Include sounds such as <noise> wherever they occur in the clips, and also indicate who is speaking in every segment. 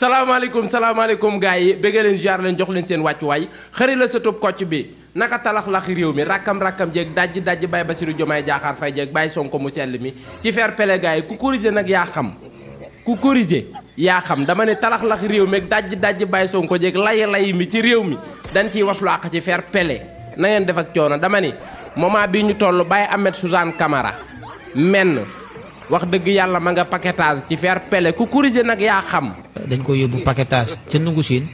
Speaker 1: salaamaaleykum salaamaaleykum gars yi bëgg leen jaar leen jox leen seen wàccuwaay xëri la sa tub kocc bi naka talax-lax réew mi rakkam-rakkam dàjj dajj dajj Baye Bassirou Diomaye Diakhar Faye jeeg Baye Sonko mu sell mi ci feer play gars ku corrigé nag yaa xam ku corrigé yaa xam dama ne talax-lax réew mi dajj dajj Baye Sonko jeeg lay lay mi ci réew mi dañ ciy waslu ci fair play na ngeen def ak coono dama ni moment bi ñu toll Baye Ahmed Suzanne Camara menn wax dëgg yàlla ma nga paquetage ci faire pele ku corriger nag yaa xam.
Speaker 2: dañ ko yóbbu paquetage ca nungu siin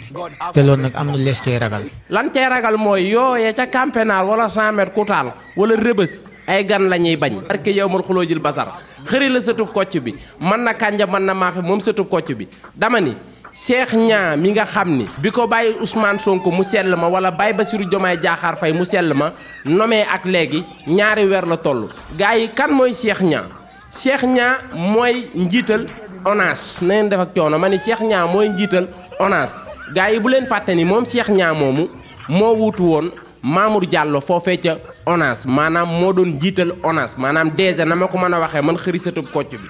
Speaker 2: te loolu nag am na lees cay ragal.
Speaker 1: lan cay ragal mooy yooyee ca camp pénal wala 100 mètres kutaal wala rëbës ay gan la ñuy bañ. parce que yow mal xuloo jël basar xëri la sëtub kocc bi man na kànja man na maafe moom sëtub kocc bi dama ni. Cheikh Niang mi nga xam ni bi ko bàyyi Ousmane Sonko mu sell ma wala bàyyi Bassirou Diomaye jaaxaar fay mu sell ma nomee ak léegi ñaari weer la toll gars yi kan mooy Cheikh Niang Cheikh ñaa mooy njiital ONAS na ngeen def ak coono ma ni Cheikh Niang mooy njiital ONAS gars yi bu leen fàtte ni moom Cheikh ñaa moomu moo wuutu woon Mamour Diallo foofee ca ONAS maanaam moo doon njiital ONAS maanaam DG na ma ko mën a waxee man xërisatub kocc bi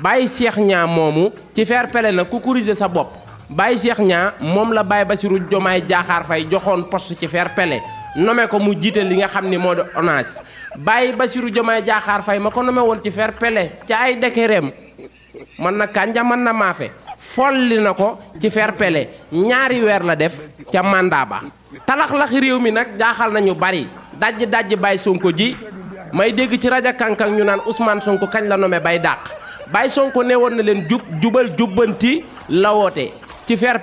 Speaker 1: bàyyi Cheikh ñaa moomu ci faire pele na kukuriser sa bopp bàyyi Cheikh ñaa moom la bàyyi Bassirou Diomaye Diakhar Faye joxoon poste ci faire pele nome ko mu jiite li nga xam ni moo di ONAS bàyyi Bassirou Diomaye Diakhar fay ma ko nome woon ci fair play ca ay décretam man na kànja mën na maafe folli na ko ci fair ñaari weer la def ca mandat ba talax-lax réew mi nag jaaxal nañu bari dajj dajj Baye Sonko ji may dégg ci rajo kankan ñu naan Ousmane Sonko kañ la nome bay dàq Baye Sonko ne woon na leen jub jubal jubbanti la woote ci fair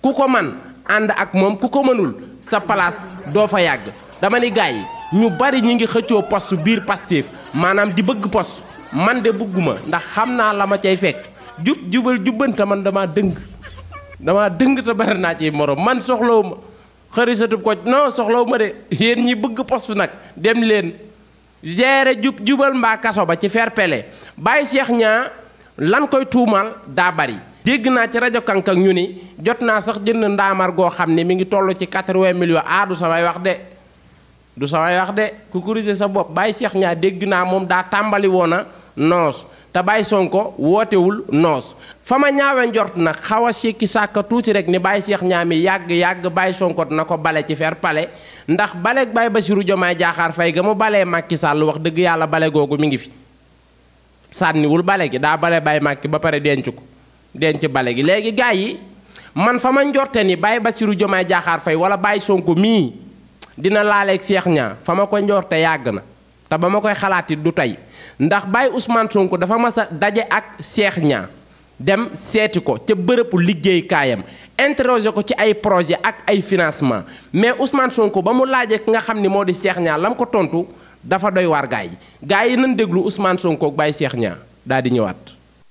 Speaker 1: ku ko man ànd ak moom ku ko mënul sa place do fa yag dama ni gay ñu bari ñi ngi xëccio poste biir passif manam di bëgg poste man de bëgguma ndax xamna naa la ma fekk jub jubal jubenta man dama dëng dama dëng ta bari na ci morom man soxlawuma xarisatu ko non soxlawuma de yeen ñi bëgg poste nak dem leen géré jub jubal mba kasso ba ci fer pelé Cheikh lan koy da bari deg na ci radio kank ak ñuni jot na sax jënd ndamar go xamni mi ngi tollu ci 80 millions a ah, du samay wax de du samay wax de ku corriger sa bop bay Cheikh nya deg na mom da tambali wona nos ta bay Sonko wote wul nos fama ndort na xawa ci ki saka tuti rek ni bay Cheikh mi yag bay Sonko nako ko ci fer pale ndax baleeg Baye Bassirou joma Diakhar Faye ga mu balé Macky Sall wax deug yalla bale googu mi ngi fi wul balé gi da bale bay Macky ba pare denc ko denc bale gi léegi gars yi man fa ma njorte ni bàyyi Bassirou Diomaye Diakhar fay wala bàyyi Sonko mii dina laaleeg Cheikh ñaa fa ma ko njorte yàgg na te ba ma koy xalaat du tey ndax bàyyi Ousmane Sonko dafa mas a daje ak Cheikh Niang dem seeti ko ca bërëbu liggéeykaayam interroger ko ci ay projet ak ay financement mais Ousmane Sonko ba mu laajee ki nga xam ni moo di Cheikh Niang la mu ko tontu dafa doy waar gaay yi gaay yi nañ déglu Ousmane Sonko ak bàyyi Cheikh Niang daal di ñëwaat.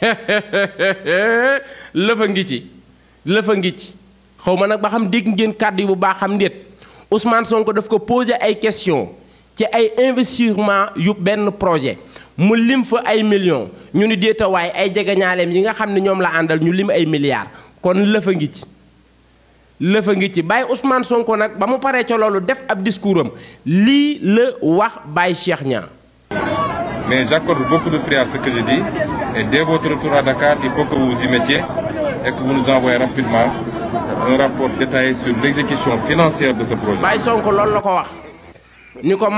Speaker 1: <laughs> lëfa ngi ci lëfa ngi ci xaw nag ba xam dégg ngeen kàddu yi bu baax xam ndéet Ousmane Sonko daf ko posé ay question ci ay investissement yu benn projet mu lim fa ay millions ñu ni déetawaay ay jegeñaaleem yi nga xam ne ñoom la àndal ñu lim ay milliards kon lëfa ngi ci lëfa ngi ci Baye Ousmane Sonko nag ba mu paree ca loolu def ab discours am lii la wax Baye Cheikh Niang
Speaker 2: Mais j'accorde beaucoup de prix à ce
Speaker 1: que je dis. Et dès votre retour à Dakar, il faut que vous vous y mettiez et que vous nous envoyez rapidement un rapport détaillé sur l'exécution financière de ce projet. nous Sonko loolu la wax ni ko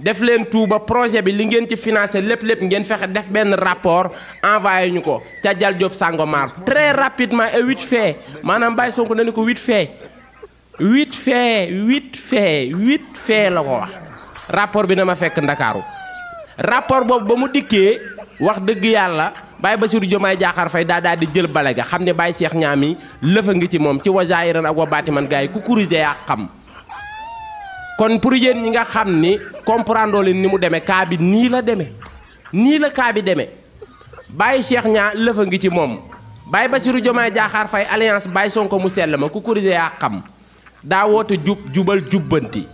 Speaker 1: def tout ba projet bi li ngeen ci financé lépp lépp ngeen fexe def ben rapport envoyé ñuko ko dial job Diop Sangomar très rapidement et huit fait Nous bay Sonko naniko huit fait huit fait huit fait huit fait la ko wax. rapport bi na ma fekk dakaru rapport bobu ba mu dikkee wax deug yalla Baye Bassirou jomay jaxar fay da da di jël balega xamne Baye Cheikh ñaami lëfa ngi ci mom ci wazaayiran ak wa baatiman ku kurise xam kon pour yeen ñi nga xamni ni comprendre leen ni mu deme ka bi ni la deme ni la ka bi deme Baye Cheikh ñaa lëfa ngi ci mom Baye Bassirou jomay jaxar fay alliance Baye Sonko mu ku xam da jub jubal jubanti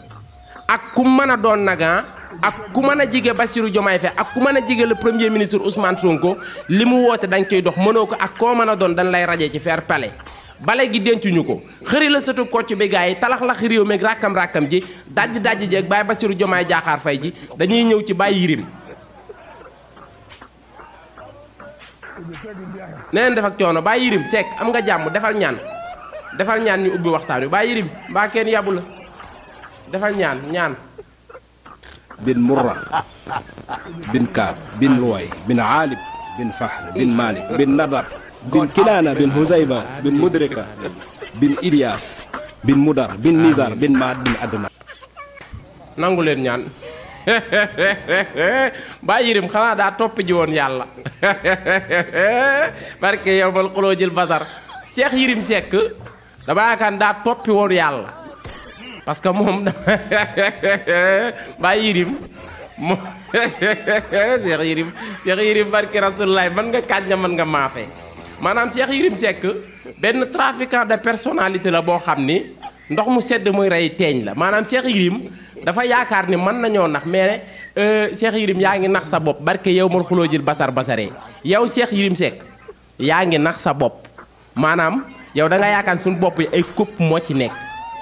Speaker 1: ak ku mën a doon nagan ah, ak ku mën a jige Bassirou Diomaye Faye ak ku mën a jige le premier ministre Ousmane Sonko li mu woote dañ koy dox mënoo ko ak koo mën a doon dañ lay rajee ci fair pale bale gi dencuñu ko xëri la sëtu kocc bi gars yi talax-lax réew ràkkam rakkam ji dajj dajj jeeg baay Bassirou Diomaye Diakhar fay ji dañuy ñëw ci bàyyi yirim neneen def ak coono bàyyi yirim sekk am nga jàmm defal ñaan defal ñaan ñu ubbi waxtaan wi bàyyi yirim mbaa kenn la defal ñaan ñaan
Speaker 2: bin murra bin kaab bin luway bin aalib bin fahr bin malik bin nadar bin kilaana bin huzayba bin mudrika bin ilyas bin mudar bin nizar bin maad bin adna
Speaker 1: nangu leen ñaan <laughs> baa yirim xanaa daa topp ji woon yàlla <laughs> barke yow mal jël basar seex yirim sekk dama yaakaar daa toppi woon yàlla parce que moom <laughs> ba yirim Cheikh <laughs> Yirim Cheikh Yirim barke Rasulullaay man nga kadja man nga mafé manam Cheikh Yirim sek ben trafiquant de personnalité la bo xamni ndox mu sedd moy ray teñ la manam Cheikh Yirim dafa yaakaar ni man nañu nax mais Cheikh euh, Yirim yaangi nax sa bop barke yow mal basar basare yow Cheikh Yirim sek yaangi nax sa bop manam yow da nga yaakaar sun bop ay coupe mo ci nek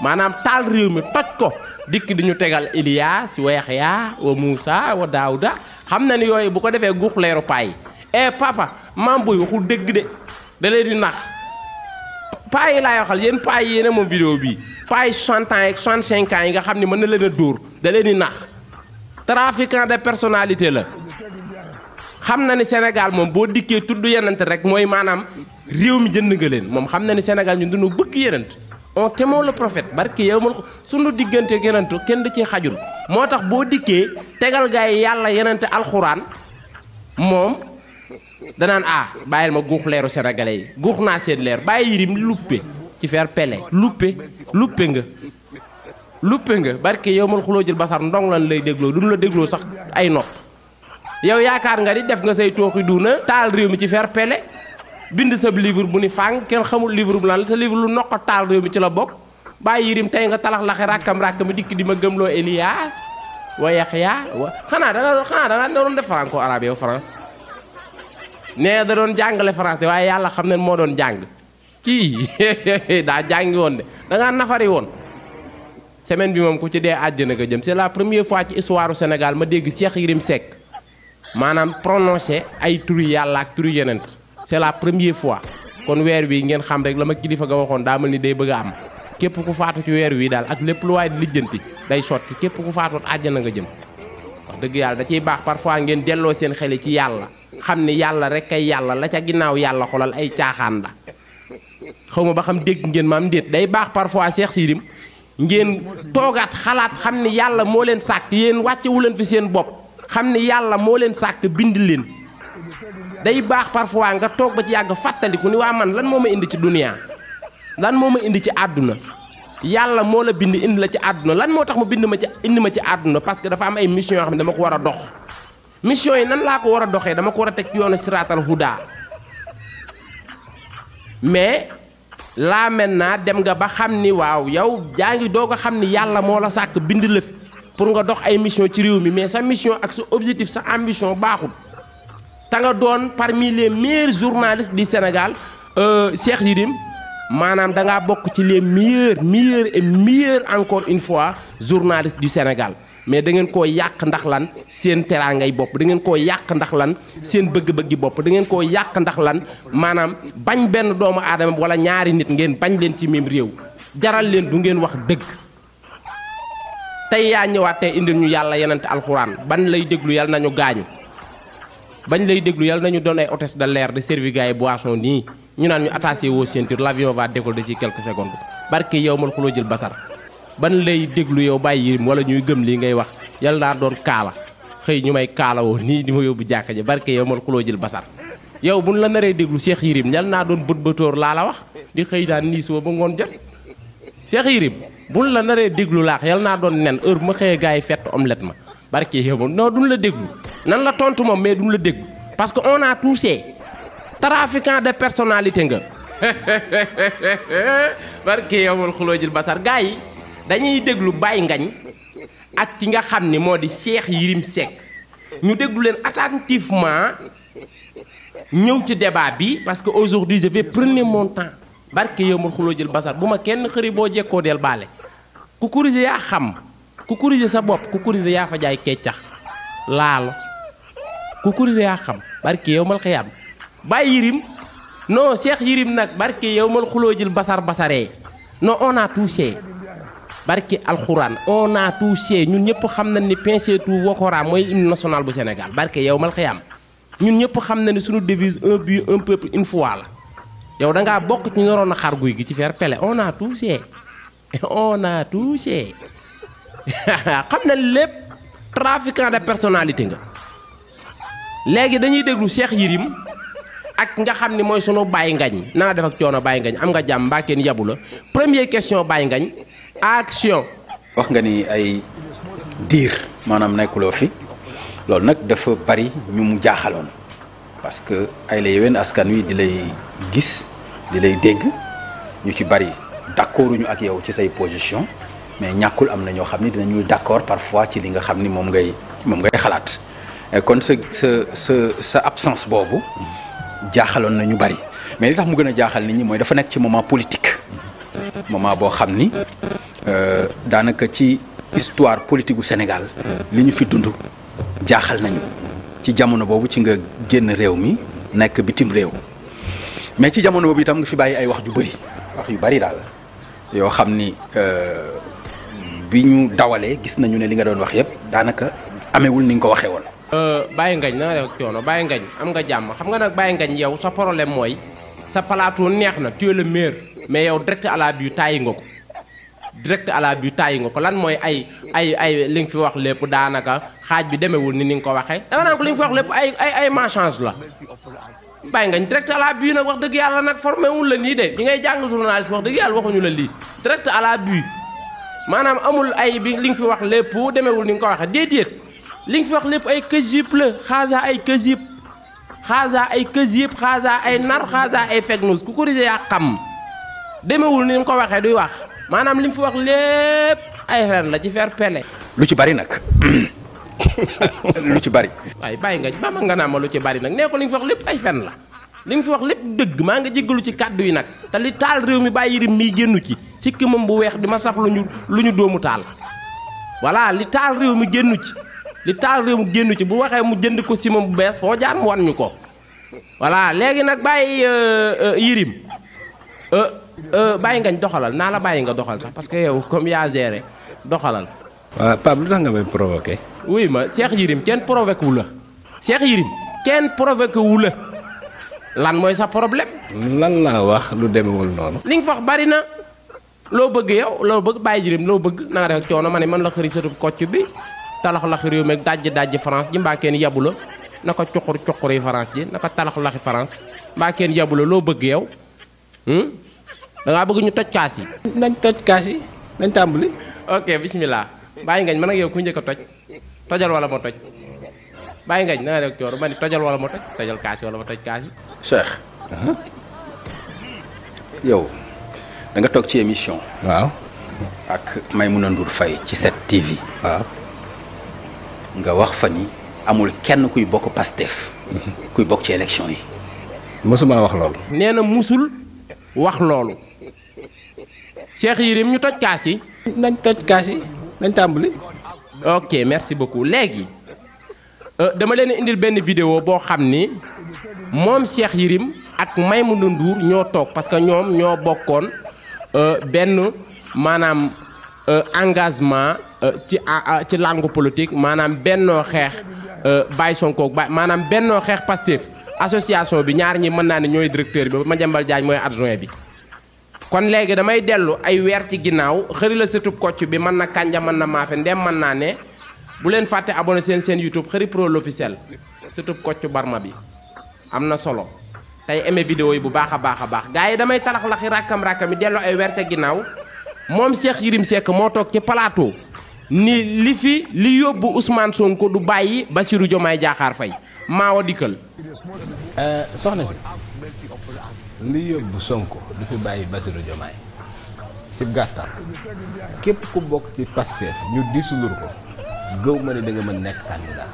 Speaker 1: manam tal rew mi toj ko dikk diñu tegal Elias wa ya wa Musa wa dauda xamna ni yoy bu ko defé gux leeru pay eh papa mam buy waxul deug de da lay di nax pay la waxal yeen pay yeen mo vidéo bi pay 60 ans ak 65 ans yi nga xamni man na leena door da di nax trafiquant de personnalité la xamna ni sénégal mom bo dikke tuddu yenante rek moy manam rew mi jënd nga leen mom xamna ni sénégal ñu dunu bëgg yenante on oh, temoo le prophète barki yow ma ko sunu diggante yenentu kenn da ci xajul moo tax boo dikkee tegal gaa yi yàlla yenente alxuraan moom danaan ah bàyyil ma guux leeru sénégalais yi guux naa seen leer bàyyi yirim luppe ci fer pele luppe luppe nga luppe nga barke yow mal xuloo jël basar ndong lan lay dégloo duñu la dégloo sax ay nopp yow yaakaar nga di def nga say tooxi duuna taal réew mi ci fer pele bind sab livre bu ni fang kenn xamul livre bu lan la te livre lu noq taal réew mi ci la bokk bàyyi yirim tey nga talax laxe rakkam rakkam dikk di ma gëmloo Elias wa Yaxya wa xanaa da nga xanaa da doon def franco arabe yow France da doon jàngale France waaye yàlla xam ne moo doon jàng kii <laughs> daa jàngi woon de da ngaa nafari woon semaine bi moom ku ci dee àjjana nga jëm c'est la première fois ci histoire du ma dégg Cheikh Yirim Seck maanaam prononcé ay turu c'est la première fois kon wèr wi ngeen xam rek lama kilifa ga waxon da melni day bëgg am képp ku faatu ci wèr wi dal ak lepp lu way lijeenti day soti képp ku faatu aljana nga jëm wax deug yalla da ciy bax parfois ngeen delloo seen xel ci yalla xamni yalla rek kay yalla la ca ginnaw yalla xolal ay tiaxan la xawma ba xam deg ngeen maam déet day bax parfois Cheikh Sirim ngeen togat xalat xamni yalla mo len sak yeen yéen wàccewu leen fi seen bop xamni yalla mo len sak bind len day baax parfois nga toog ba ci yàgg fàttaliku ni waa man lan moo ma indi ci duniyaa lan moo ma indi ci àdduna yàlla moo la bind indi la ci àdduna lan moo tax mu bind ma ci indi ma ci àdduna parce que dafa am ay mission yoo xam ne dama ko war a dox mission yi nan laa ko war a doxee dama ko war a teg yoonu siraatal huda mais laa maintenant dem nga ba xam ni waaw yow jaa ngi doo a xam ni yàlla moo la sàkk bind la fi pour nga dox ay mission ci réew mi mais sa mission ak sa objectif sa ambition baaxul tanga don parmi les meilleurs journalistes du Sénégal euh, Cheikh Yirim manam da nga bok ci les meilleurs meilleurs et meilleurs encore une fois journalistes du Sénégal mais da ngeen ko yak ndax lan seen terangay bop da ngeen ko yak ndax lan seen bëgg-bëggi bop da ngeen ko yak ndax lan manam bañ ben doomu adam wala ñaari nit ngeen bañ len ci même rew jaral len du ngeen wax deug tay ya ñëwaat ñu yalla yenen ban lay deglu yalla nañu gañu bañ lay déglu yàlla nañu doon ay de l'air de servir gars nii ñu naan ñu attaché woo ceinture l'avion va décoller d'ici quelques secondes barke yow man xuloo jël basar ban lay déglu yow bàyyi yim wala ñuy gëm lii ngay wax yàlla naa doon kaala xëy ñu may kaala nii di ma yóbbu jàkka ji barke yow man xuloo jël basar yow buñ la naree déglu Cheikh Yirim ñal naa doon bët bëtóor laa la wax di xëy daan nii suba ba ngoon jot Cheikh Yirim buñ la naree déglu laax yàlla naa doon nen heure ma xëyee gars yi fett omelette ma barké yow non la mais parce que a touché trafiquant de personnalité nga <laughs> barke basar gars yi dañuy déglu bay ngagn ak ki nga xamni modi Cheikh Yirim Seck ñu déglu len attentivement ñew ci débat parce que je vais prendre mon temps basar buma kenn xëri bo jéko del balé. ku xam kukuriza sa bop kukurise ya fa jay keccax laalo kukurise ya xam barke yowmal mal xiyam bayirim, no non cheikh yirim nak barke yowmal mal basar basare non on a touché barke alquran on a touché ñun ñëpp xam nañ ni pincé tout wokora moy hymne national bu Sénégal barke yowmal mal xiyam ñun ñëpp xam nañ ni suñu devise un but un peuple une fois la yow da ngaa bok ci ñoro na xar guuy gi ci fer pele on a touché <laughs> on a touché <laughs> xam na lépp trafiquant de personnalité nga léegi dañuy déglu Cheikh Yirim ak nga xam ni mooy sunu Baye Ngañ na nga def ak coono
Speaker 2: Baye Ngañ am nga jàmm mbaa kenn
Speaker 1: yabu la première question Baye Ngañ action.
Speaker 2: wax nga ni ay diir maanaam nekkuloo fi loolu nag dafa bari ñu mu jaaxaloon parce que ay askan wi di lay gis di lay dégg ñu ci bari d'accorduñu ak yow ci say position mais ñakul am ño xamni dinañu d'accord parfois ci li nga xamni mom ngay mom ngay xalaat kon sa ce ce sa absence bobu jaaxalon nañu bari mais li tax mu gëna jaaxal nit ñi moy dafa nek ci moment politique moment bo xamni euh danaka ci histoire politique du Sénégal li ñu fi dundu jaaxal nañu ci jamono bobu ci nga genn réew mi nek bitim réew mais ci jamono bobu itam nga fi bayyi ay wax ju bari wax yu bari daal yo xamni euh bi ñu dawalee gis nañu ne li nga doon wax yëpp daanaka amewul ni nga ko waxee woon.
Speaker 1: Euh, Baye Ngagne na rek coono bàyyi ngañ am nga jàmm xam nga nag bàyyi ngañ yow sa problème mooy sa plateau neex na tu es le meilleur mais yow direct à la tàyyi nga ko direct à la tàyyi nga ko lan mooy ay ay ay li nga fi wax lépp daanaka xaaj bi demewul ni ni nga ko waxee. dama naan ko li fi wax lépp ay ay ay machange la Baye Ngagne direct à la but nag wax dëgg yàlla nag formé wul la nii de ñi ngay jàng journaliste wax dëgg yàlla waxuñu la lii direct à la maanaam amul ay bi li nga fi wax lépp demewul ni nga ko waxee déedéet li nga fi wax lépp ay këjib la xaasa ay këjib xaasa ay këjib xaasa ay nar xaasa ay fake news ku ko rése yaa xam demewul ni nga ko waxee duy wax maanaam li nga fi wax lépp ay fen la ci fer pele
Speaker 2: lu ci bari nag <laughs> lu ci bari.
Speaker 1: waaye bàyyi nga ma nga naa ma lu ci nag nee li nga fi wax lépp ay fen la li nga fi wax lépp dëgg maa nga jéggalu ci kàddu yi nag te li taal réew mi bàyyi rim mii génnu ci. sikki mom bu wex di ma saf luñu luñu doomu taal voilà li taal rew mi gennu ci li taal rew mu gennu ci bu waxe mu jënd ko si bu bes fo jaar mu wan ñu ko voilà léegi nag bàyyi euh, euh, yirim euh, baye ngañ doxalal na la baye nga doxal sax parce que yow comme ya géré doxalal wa Pape lu tax nga may provoquer oui ma Cheikh Yirim ken provoquer wu la Cheikh Yirim ken provoquer wu la lan moy sa problème lan la wax lu
Speaker 2: demewul non
Speaker 1: li nga bari na lo bëgg yow lo bëgg bàyyi jirim lo bëgg na nga def ak coono ma man la xëri sëtu koccu bi talax laxi réew meeg dajj dajj France ji mbaké ni yabula la naka cuqur cuqur yi France ji naka talax laxi France mbaké ni yabula lo bëgg yow hmm? da nga bëgg ñu tocc kasi nañ tocc kasi nañ tambuli ok bismillah bàyyi ngañ man ak yow ku ñëk tocc tojal wala mo tocc bàyyi ngañ na nga def coono tojal wala mo tocc tojal kasi wala mo tocc kasi
Speaker 2: Cheikh. yow. da nga tok ci émission. waaw ak Ndour Faye ci tv waaw nga wax ni amul kenn kuy bokk Pastef. kuy ci élection musul
Speaker 1: wax loolu. Cheikh yirim ñu toj kaas yi. nañ toj kaas yi nañ ok merci beaucoup léegi euh, dama leen faire une vidéo boo xam ni moom Cheikh Yirim ak Ndour parce que Euh, benn maanaam euh, engagement euh, ci ci langue politique maanaam bennoo xeex Baye Sonko ba maanaam bennoo xeex Pastef association bi ñaar ñi mën naa ne ñooy directeur bi Madiambal Diagne mooy adjoint bi kon léegi damay dellu ay weer ci ginnaaw xëri la sëtub kocc bi mën na kànja mën na maafe ndem mën naa ne bu leen fàtte abonné seen seen YouTube xëri pro l'officiel sëtub kocc barma bi am na solo tay aimé vidéo yi bu baakha baakha baax gaay damay talax-laxi rakkam rakam yi delloo ay werté ca mom Cheikh yirim Seck mo tok ci plateau ni li fi li yobbu Ousmane Sonko du bàyyi Bassirou Diomaye Diakhar mawo
Speaker 2: maawa euh soxna si li yobbu Sonko du fi bayyi Bassirou Diomaye ci gàttal kep ku bok ci Pastef ñu disulur ko gëw ma ne da nga mën nek candidat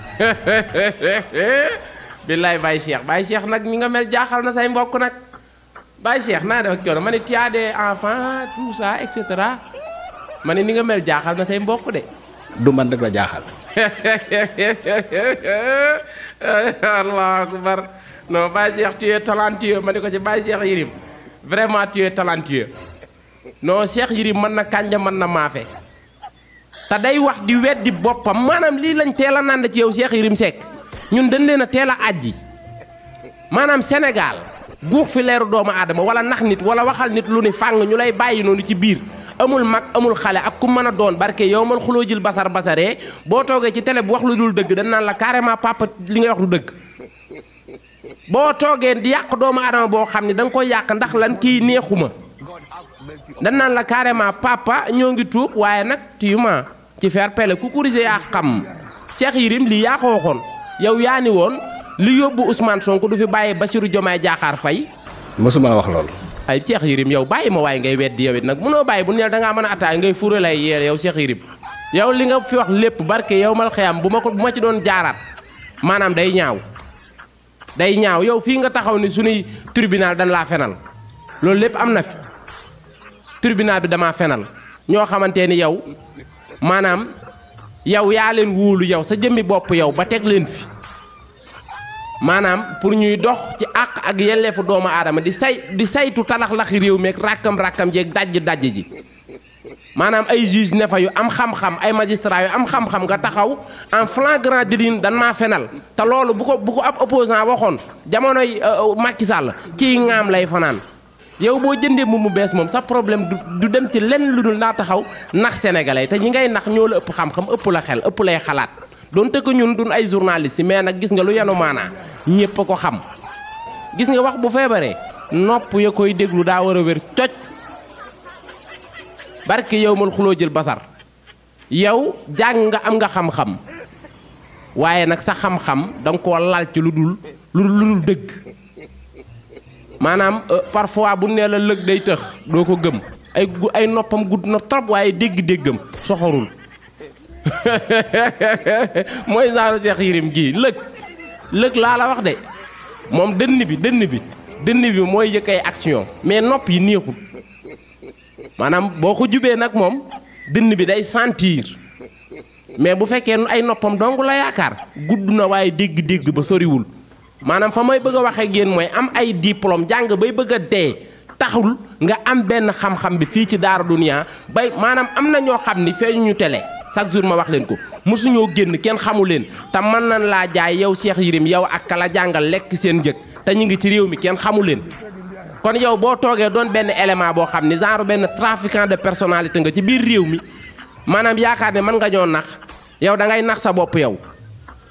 Speaker 1: <laughs> billahi bay Cheikh bay Cheikh nak mi nga mel jaxal na say mbok nak bay Cheikh na def ak mané ma enfant tout ça et cetera mané ni nga mel jaxal na say mbok
Speaker 2: de. du man rek la jaxal
Speaker 1: <laughs> allahu akbar non bay Cheikh tu es talentueux mané ko ci bay Cheikh Yirim vraiment tu es talentueux non Cheikh Yirim man na kanja man na mafé ta day wax di weddi bopam manam li lañ téla a ci yow Cheikh Yirim sek ñun dañ leen a teel a àjji maanaam senegaal guux fi leeru doomu aadama wala nax nit wala waxal nit lu ni fàng ñu lay bàyyi noonu ci biir amul mag amul xale ak ku mën a doon barke yow man xuloo jël basar basaree boo toogee ci télé bu wax lu dul dëgg dañ naan la carrément papa li nga wax lu dëgg boo toogee di yàq doomu aadama boo xam ne danga nga koy yàq ndax lan kii neexuma dañ naan la carrément papa ñoo ngi tuub waaye nag tuyuma ci fair-play ku kurise yaa xam Cheikh yaa ko waxoon yow yaani ni woon li yobbu Ousmane Sonko du fi baye Bassirou Diomaye Diakhar Faye
Speaker 2: mosuma wax lol
Speaker 1: ay Cheikh yirim yow baye ma way ngay weddi yowit nak muno baye bu neel da nga mën atay attaay ngay fure lay yeer yow Cheikh yirim yow li nga fi wax lepp barke yow mal xeyam buma ko buma ci doon jaarat manam day ñaaw day ñaaw yow fi nga taxaw ni suni tribunal dañ la fenal lol lepp amna fi tribunal bi dama fenal ño xamanteni yow manam yow yaa leen wóolu yow sa jëmmi bopp yow ba teg leen fi maanaam pour ñuy dox ci àq ak yelleefu doomu aadama di say di saytu talax-laxi réew meeg ràkkam-ràkkam jeeg dajj-dajj ji maanaam ay juge nefa yu am xam-xam ay magistrat yu am xam-xam nga taxaw en flagrant délit dan maa fenal te loolu bu ko bu ko ab opposant waxoon jamonoy euh, Macky Sall ciy ŋaam lay fanaan yow boo jëndee mu mu bees moom sa problème du dem ci lenn lu dul naa taxaw nax sénégalais te ñi ngay nax ñoo la ëpp xam-xam ëpp la xel ëpp lay xalaat donte ko ñun dun ay journaliste mais nag gis nga lu yenu maanaa ñépp a ko xam gis nga wax bu feebaree nopp ya koy déglu daa war a wér cocc barke yow mal xuloo jël basar yow jàng nga am nga xam-xam waaye nag sa xam-xam da nga lal ci lu dul lu dul dëgg maanaam euh, parfois bu nee la lëg day tëx doo ko gëm ay ay noppam gudd na trop waaye dégg-déggam soxorul <laughs> mooy genre Cheikh Yérim gii lëg lëg laa la wax de moom dënn bi dënn bi dënn bi mooy yëkk ay action mais nopp yi neexul maanaam boo ko jubee nag moom dënn bi day sentir mais bu fekkee ay noppam dong la yaakaar gudd na waaye dégg-dégg ba soriwul maanaam fa may bëgg a waxee ak mooy am ay diplôme jàng bay bëgg a taxul nga am benn xam-xam bi fii ci Daara Dunia bay maanaam am na ñoo xam ni feeñu ñu télé chaque jour ma wax leen ko mosuñoo génn kenn xamu leen te mën nañ laa jaay yow Cheikh Yirim yow ak kala jàngal lekk seen njëg te ñu ngi ci réew mi kenn xamu leen. kon yow boo toogee doon benn élément boo xam ni genre benn trafiquant de personnalité nga ci biir réew mi maanaam yaakaar ne mën nga ñoo nax yow da ngay nax sa bopp yow.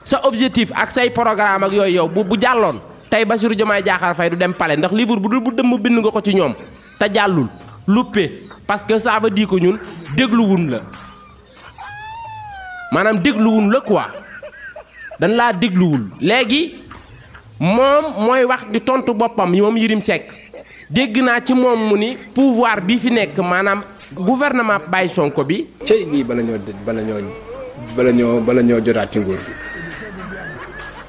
Speaker 1: sa objectif ak say programme ak yoy yow bu bu jallon tay Bassirou jomay jaxal fay du dem palais ndax livre bu dul bu dem bind nga ko ci ñom ta jallul loupé parce que ça veut dire que ñun wun la manam maanaam wun la quoi dañ la laa wul légui mom moy wax di tontu bopam mom Yirim sek degg na ci mom muni pouvoir bi fi nek manam gouvernement Baye Sonko bi. cey ni bala ñoo
Speaker 2: bala ñoo bala ñoo bala ñoo jotaat ci nguur bi.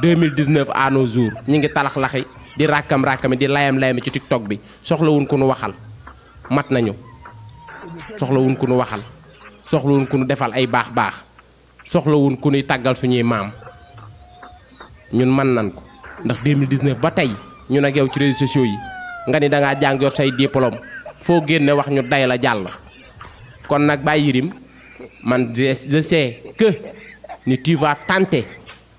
Speaker 1: 2019 à nos jours ñu ngi talax-laxi di ràkkam-ràkkami di layam-layami ci tiktok bi soxla soxlawun ku nu waxal mat nañu soxlawun ku nu waxal soxlawun ku nu defal ay baax-baax soxlawun ku nuy tàggal suñuy maam ñun mën nan ko ndax 2019 ba tey ñun ak yow ci résu sociaux yi nga ni da ngaa jàng yor say diplôme foo génne wax ñu day la jàll kon nag Baye Yérim man je sais que ni tu vas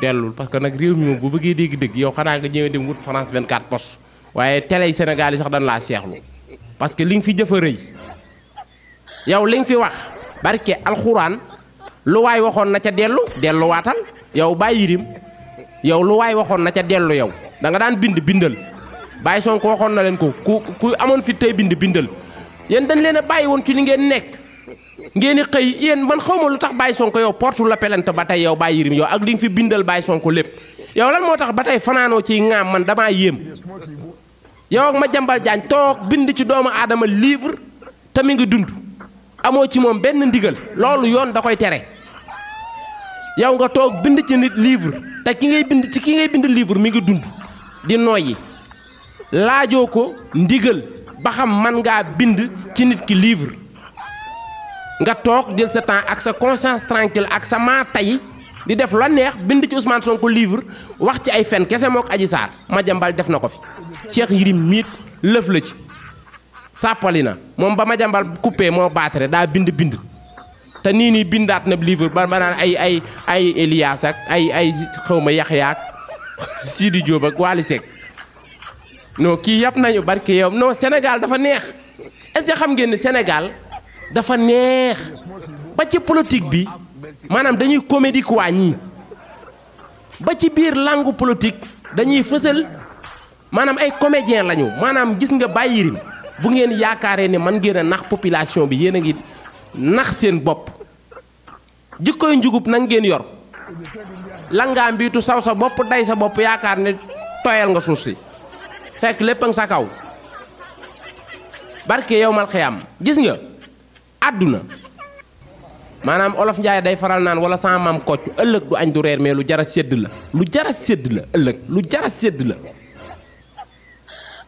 Speaker 1: dellul parce que nag réew mi moom bu bëggee dégg-dégg yow xanaa nga ñëwee dem wut France 24 poste waaye télé yi sax dañ laa seexlu parce que li nga fi jëfa rëy yow li fi wax barke alxuraan lu waay waxoon na ca dellu delluwaatal yow bàyyi yirim yow lu waay waxoon na ca dellu yow da nga daan bind bindal bàyyi Sonko waxoon na leen ko ku ku amoon fi tey bind bindal yéen bàyyi woon ci li ngeen nekk. ngeen xëy yéen man xawma lu tax Baye Sonko yow porte la pelante ba tey yow Baye Yirim yow ak li nga fi bindal baay Sonko lépp yow lan moo tax ba tey fanaanoo ciy ŋaam man damaa yéem yow ak ma jambal jaañ toog bind ci doomu aadama livre te mi ngi dund amoo ci moom benn ndigal loolu yoon da koy tere yow nga toog bind ci nit livre te ki ngay bind ci ki ngay bind livre mi ngi dund di noyyi laajoo ko ndigal ba xam man ngaa bind ci nit ki livre nga toog jël sa temps ak sa conscience tranquille ak sa maa tay di def la neex bind ci Ousmane Sonko livre wax ci ay fen kese moo ko Adji Sarr Madiambal def na ko fi Cheikh Yirim miit lëf la ci sàppali na moom ba ma jambal kuppee moo baatare daa bind bind te nii nii bindaat na livre ba ba naan ay ay ay Elias ak ay ay xawma Yaxya ak <laughs> Sidi Diop ak Wally kii yàpp nañu barke yow non Sénégal dafa neex est xam ngeen ne Sénégal dafa neex ba ci politique bi manam dañuy comédie quoi ñi ba ci biir langue politique dañuy fësal manam ay comédien lañu manam gis nga bayirim bu ngeen yaakaare ne man ngeen nax population bi yéen ngi nax seen bop jikko njugub na ngeen yor langaa tu saw sa bop day sa bop yaakaar ne toyal nga suuf fek sa kaw barke yowmal mal gis nga àdduna maanaam olof njaay day faral naan wala sama maam kocc ëllëg du añ du reer mais lu jara sedd la lu jara sédd la ëllëg lu jara sédd la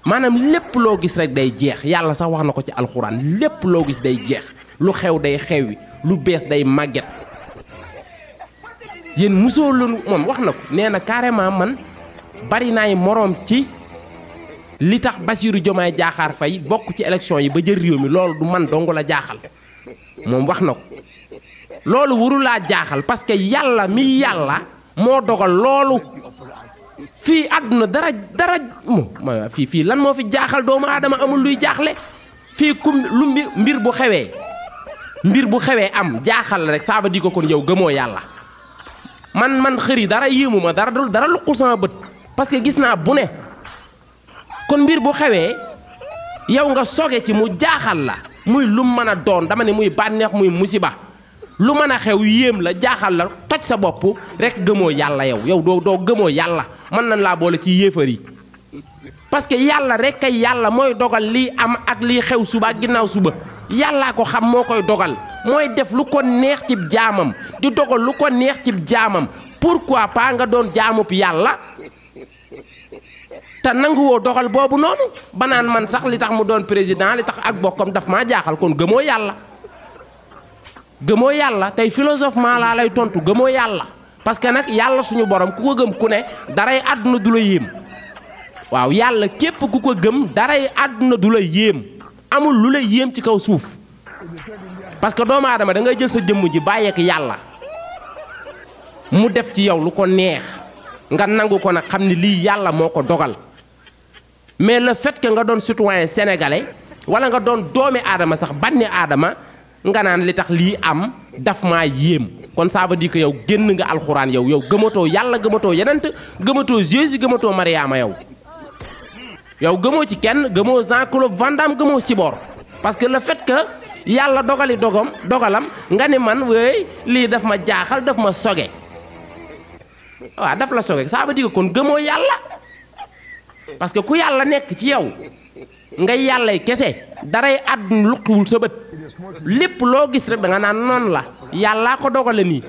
Speaker 1: maanaam lépp loo gis rek day jeex yàlla sax wax na ko ci alxuraan lépp loo gis day jeex lu xew day xew xewi lu bees day màgget yéen mosoo leen moom wax na ko nee na carrément man bari naay moroom ci li tax Bassirou Diomaye jaaxaar fay bokk ci élection yi ba jël réew mi loolu du man dong la jaaxal moom wax na ko loolu laa jaaxal parce que yàlla mi yàlla moo dogal loolu fii àdduna dara dara mo fii fii lan moo fi jaaxal doomu aadama amul luy jaaxle fii ku lu mbir bu xewee mbir bu xewee am jaaxal la rek saa di ko kon yow gëmoo yàlla man man xëri dara yéemu ma dara dara luqul sama bët parce que gis naa bu ne kon mbir bu xewee yow nga soge ci mu jaaxal la muy lu mën a doon dama ne muy bànneex muy musiba lu mën a xew yéem la jaaxal la toj sa bopp rek gëmoo yàlla yow yow doo doo gëmoo yàlla mën nañ laa boole ci yéefar yi parce que yàlla rek a yàlla mooy dogal lii am ak lii xew suba ak ginnaaw suba yàllaa ko xam moo koy dogal mooy def lu ko neex ci jaamam di dogal lu ko neex cib jaamam pour pourquoi paa nga doon jaamub yàlla te nanguwoo doxal boobu noonu banaan man sax li tax mu doon président li tax ak bokkam dafa maa jaaxal kon gëmoo yàlla gëmoo yàlla tey philosophiquement laa lay tontu gëmoo yàlla parce que nag yàlla suñu borom ku ko gëm ku ne daray àdduna du la yéem waaw yàlla képp ku ko gëm daray àdduna du la yéem amul lu la yéem ci kaw suuf parce que doomu aadama da ngay jël sa jëmm ji bàyyeek yàlla mu def ci yow lu ko neex nga nangu ko nag xam ni lii yàlla moo ko dogal mais le fait que nga don citoyen sénégalais wala nga don doomi adama sax banni adama nga nan li tax li am daf ma yem kon ça veut dire que yow genn nga alcorane yow yow yalla yàlla yenen te gëmatoo Jésus gëmatoo Mariama yow yow gëmo ci kenn gëmo Jean-Claude vandam gëmo Sibor parce que le fait que yalla dogali dogom dogalam nga ni man wey li daf ma jaaxal daf ma soge wa daf la soge ça veut dire kon gëmo yalla parce que ku yalla nek ci yow ngay yàllay kese daray àdduna luqiwul sa bët lépp loo gis rek da nga nan non la yalla ko dogal ni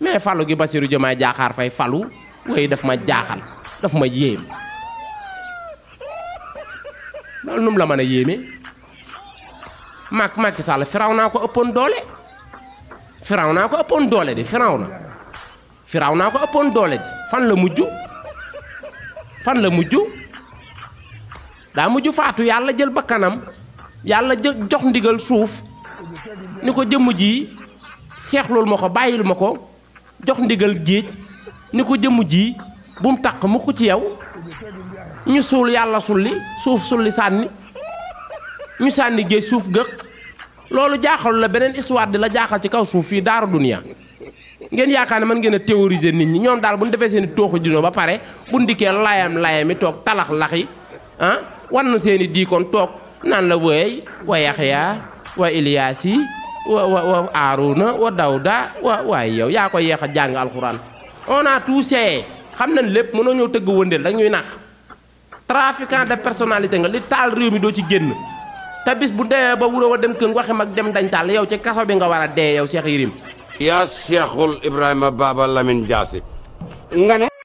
Speaker 1: mais fallu gi basiru jomay jaxar fay fallu way daf ma jaxal daf ma yem loolu num la mana a mak mak sal firawna ko ëppoon dole firawna ko ëppoon dole de firawna na ko ëppoon dole fan la muju fan la muju daa mujj faatu yàlla jël ba kanam yàlla jox ndigal suuf ni ko jëmm ji seexlul ma ko bàyyil ma ko jox ndigal géej ni ko jëmm ji bum taq mu ko ci yow ñu suul yàlla sulli suuf sulli sànni ñu sànni géej suuf gëq loolu jaaxal la beneen histoire di la jaaxal ci kaw suuf yi daaru duniya ngeen yaakaar ne man ngeen a théoriser nit ñi ñoom daal bu ñu defee seen i tooxu dino ba pare bu ndikkee layam layami toog talax laxi ah wan nu seeni kon tok nan la wëy wa yahya wa ilyasi wa wa wa aruna wa dauda wa wa yow ya ko yeex jang alquran on a tout see xam nañ lépp mënoo ñëw tëgg wëndeel rek ñuy nax trafiquant de personnalité nga li tal réew mi do ci genn ta bis bu dee ba wuro wa dem kën waxe mak dem dañ tal
Speaker 2: yow ci kasso bi nga wara a yow Cheikh Yérim ya Cheikhul Ibrahima Baba Lamine jassi nga ne